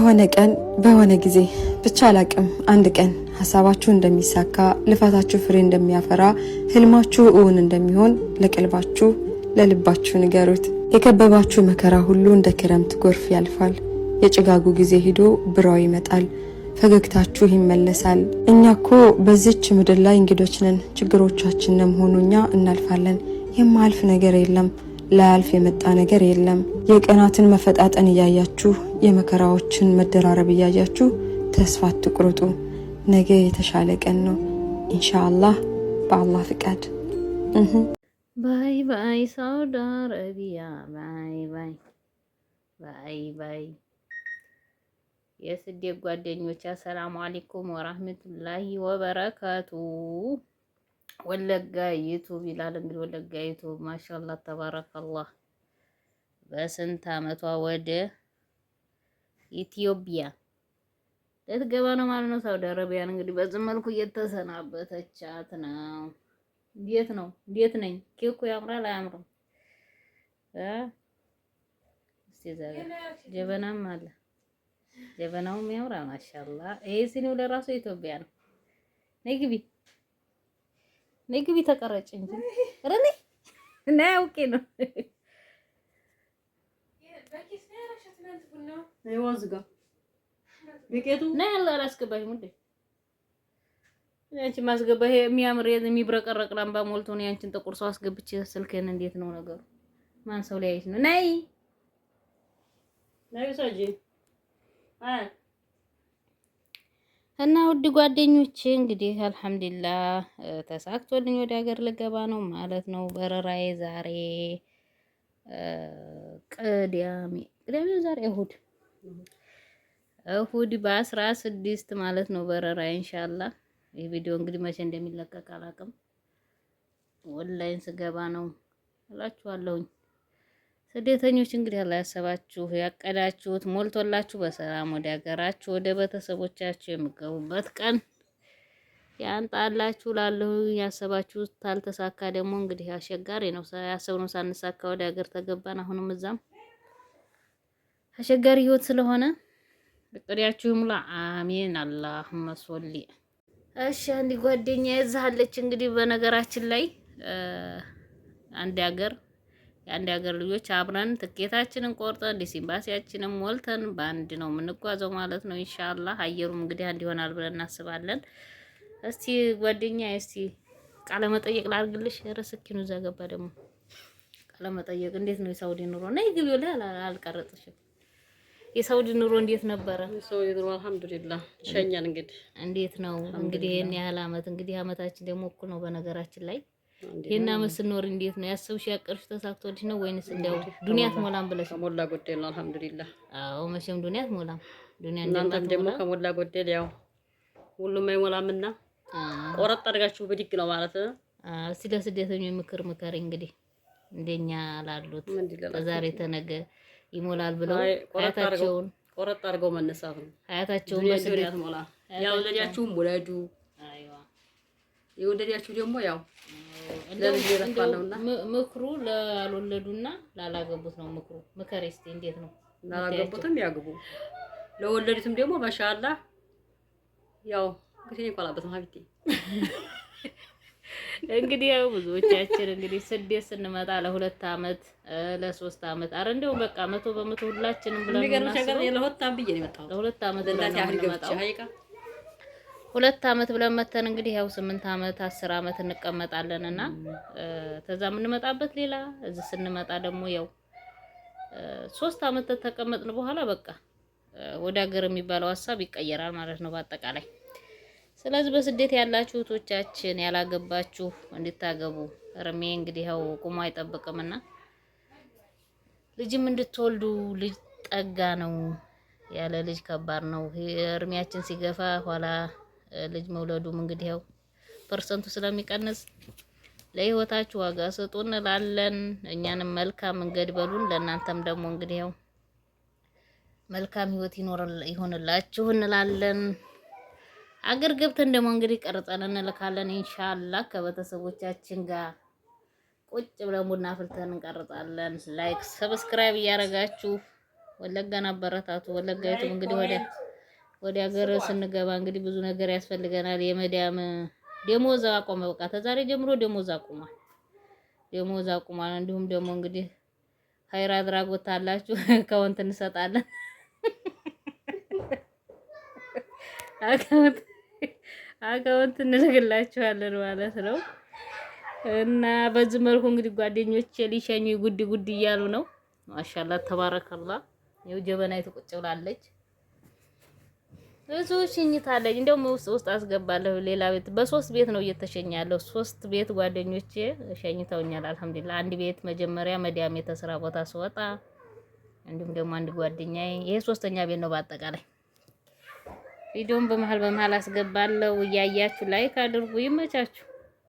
የሆነ ቀን በሆነ ጊዜ ብቻ አላቅም፣ አንድ ቀን ሀሳባችሁ እንደሚሳካ ልፋታችሁ ፍሬ እንደሚያፈራ ህልማችሁ እውን እንደሚሆን ለቀልባችሁ ለልባችሁ ንገሩት። የከበባችሁ መከራ ሁሉ እንደ ክረምት ጎርፍ ያልፋል። የጭጋጉ ጊዜ ሂዶ ብራው ይመጣል፣ ፈገግታችሁ ይመለሳል። እኛ ኮ በዚች ምድር ላይ እንግዶች ነን። ችግሮቻችንም ሆኑ እኛ እናልፋለን። የማልፍ ነገር የለም። ላያልፍ የመጣ ነገር የለም። የቀናትን መፈጣጠን እያያችሁ፣ የመከራዎችን መደራረብ እያያችሁ ተስፋ ትቁርጡ ነገ የተሻለ ቀን ነው ኢንሻአላህ፣ በአላህ ፍቃድ። ባይ ባይ ሳውዲ አረቢያ፣ ባይ ባይ ባይ ባይ። የስደት ጓደኞች አሰላሙ አለይኩም ወራህመቱላሂ ወበረካቱ ወለጋ ዩቱብ ይላል እንግዲህ ወለጋ ዩቱብ ማሻአላህ ተባረከላህ። በስንት አመቷ ወደ ኢትዮጵያ ልትገባ ነው ማለት ነው። ሳውዲ አረቢያን እንግዲህ በዚህ መልኩ እየተሰናበተቻት ነው። እንዴት ነው? እንዴት ነኝ? ኬኩ ያምራል አያምርም? ጀበናም አለ። ጀበናውም ያምራል ማሻአላህ። ይሄ ሲኒው ለራሱ ኢትዮጵያ ነው። ነይ ግቢ ተቀረጭ እንጂ ረኔ እና ያውቄ ነው ማስገባ ይሄ የሚያምር የሚብረቀረቅ ላምባ ሞልቶ ነው ያንቺን ጥቁር ሰው አስገብቼ ስልክህን። እንዴት ነው ነገሩ? ማን ሰው ላይ ሊያየት ነው? ነይ ነይ ሰጂ አይ እና ውድ ጓደኞቼ እንግዲህ አልሐምዱሊላ ተሳክቶልኝ ወደ ሀገር ልገባ ነው ማለት ነው። በረራዬ ዛሬ ቅዳሜ ቅዳሜ ዛሬ እሁድ እሁድ በአስራ ስድስት ማለት ነው በረራዬ ኢንሻአላ። ይህ ቪዲዮ እንግዲህ መቼ እንደሚለቀቅ አላውቅም። ኦንላይን ስገባ ነው እላችኋለሁኝ። ስደተኞች እንግዲህ አላሰባችሁ ያቀዳችሁት ሞልቶላችሁ በሰላም ወደ ሀገራችሁ ወደ ቤተሰቦቻችሁ የሚገቡበት ቀን ያንጣላችሁ። ላለሁ ያሰባችሁ ታልተሳካ ደግሞ እንግዲህ አስቸጋሪ ነው። ያሰብነው ሳንሳካ ወደ ሀገር ተገባን። አሁንም እዛም አስቸጋሪ ህይወት ስለሆነ እቅዳችሁ ሙላ። አሜን አላሁመ ሶሊ። እሺ አንድ ጓደኛ የዛለች እንግዲህ በነገራችን ላይ አንድ ሀገር የአንድ ሀገር ልጆች አብረን ትኬታችንን ቆርጠን ዲሲ ሞልተን በአንድ ነው የምንጓዘው ማለት ነው። ኢንሻአላህ አየሩም እንግዲህ አንድ ይሆናል ብለን እናስባለን። እስቲ ጓደኛ እስቲ ቃለ መጠየቅ ላድርግልሽ። ኧረ እዛ ገባ ደግሞ ቃለ መጠየቅ። እንዴት ነው የሳውዲ ኑሮ? ነይ ግቢው ላይ አልቀረጥሽም። የሳውዲ ኑሮ እንዴት ነበረ? የሳውዲ ኑሮ አልሐምዱሊላህ ይሻኛል። እንግዲህ እንዴት ነው እንግዲህ ይህን ያህል አመት እንግዲህ አመታችን ደግሞ እኩል ነው በነገራችን ላይ ይሄን አመት ስኖር እንዴት ነው ያሰብሽ? ያቀርሽ ተሳክቶልሽ ነው ወይንስ እንዲያው ዱንያ አትሞላም ብለሽ? ከሞላ ጎደል ነው አልሐምዱሊላህ። አዎ መቼም ዱንያ አትሞላም። ዱንያ እናንተም ደግሞ ከሞላ ጎደል ያው ሁሉም አይሞላምና ቆረጥ አድርጋችሁ ብድግ ነው ማለት ነው። እስቲ ለስደተኞች ምክር ምከሪ እንግዲህ እንደኛ ላሉት ከዛሬ ተነገ ይሞላል ብለው ሀያታቸውን ቆረጥ አድርገው መነሳት ነው። ሀያታቸውን ሞላ ያው ወለዳችሁም ወለዱ፣ ይወለዳችሁ ደግሞ ያው ምክሩ ላልወለዱና ላላገቡት ነው ምክሩ። ምከሬ እስኪ እንዴት ነው? ላላገቡትም ያግቡ፣ ለወለዱትም ደግሞ ማሻአላ ያው ግሴን ይቆላበት ማብቲ እንግዲህ ያው ብዙዎቻችን እንግዲህ ስደት ስንመጣ ለሁለት አመት ለሶስት አመት አረ እንደው በቃ መቶ በመቶ ሁላችንም ብለን ነው ለሁለት አመት ብዬ ነው የመጣሁት ለሁለት አመት ብለን ነው የመጣሁት ሁለት አመት ብለን መተን እንግዲህ ያው ስምንት አመት አስር አመት እንቀመጣለን እና ከዛ የምንመጣበት ሌላ እዚህ ስንመጣ ደግሞ ያው ሶስት አመት ተቀመጥን በኋላ በቃ ወደ ሀገር የሚባለው ሀሳብ ይቀየራል ማለት ነው በአጠቃላይ። ስለዚህ በስደት ያላችሁ እህቶቻችን ያላገባችሁ እንድታገቡ እርሜ እንግዲህ ያው ቁሞ አይጠብቅምና ልጅም እንድትወልዱ ልጅ ጠጋ ነው። ያለ ልጅ ከባድ ነው። እድሜያችን ሲገፋ ኋላ ልጅ መውለዱም እንግዲህ ያው ፐርሰንቱ ስለሚቀንስ ለህይወታችሁ ዋጋ ስጡ እንላለን። እኛንም መልካም መንገድ በሉን፣ ለእናንተም ደግሞ እንግዲህ ያው መልካም ህይወት ይሆንላችሁ እንላለን። አገር ገብተን ደግሞ እንግዲህ ቀርጸን እንልካለን። ኢንሻአላህ ከቤተሰቦቻችን ጋር ቁጭ ብለን ቡና አፍልተን እንቀርጻለን። ላይክ ሰብስክራይብ እያደረጋችሁ ወለጋን አበረታቱ። ወለጋይቱም እንግዲህ ወዲያ ወደ ሀገር ስንገባ እንግዲህ ብዙ ነገር ያስፈልገናል። የመዳም ደሞዝ አቆመ። በቃ ተዛሬ ጀምሮ ደሞዝ አቁሟል። ደሞዝ አቁሟል። እንዲሁም ደግሞ እንግዲህ ሀይር አድራጎት አላችሁ አካውንት እንሰጣለን። አካውንት አካውንት እንልክላችኋለን ማለት ነው። እና በዚህ መልኩ እንግዲህ ጓደኞቼ ሊሸኙ ጉድ ጉድ እያሉ ነው። ማሻላ ተባረከላ። ይኸው ጀበናይቱ ቁጭ ብላለች። ብዙ ሽኝታለኝ። እንደውም ውስጥ ውስጥ አስገባለሁ ሌላ ቤት በሶስት ቤት ነው እየተሸኛለሁ። ሶስት ቤት ጓደኞቼ ሸኝተውኛል። አልሐምዱሊላህ አንድ ቤት መጀመሪያ መዲያም የተስራ ቦታ ስወጣ፣ እንዲሁም ደግሞ አንድ ጓደኛዬ ይሄ ሶስተኛ ቤት ነው። በአጠቃላይ ቪዲዮም በመሀል በመሀል አስገባለሁ። እያያችሁ ላይክ አድርጉ። ይመቻችሁ።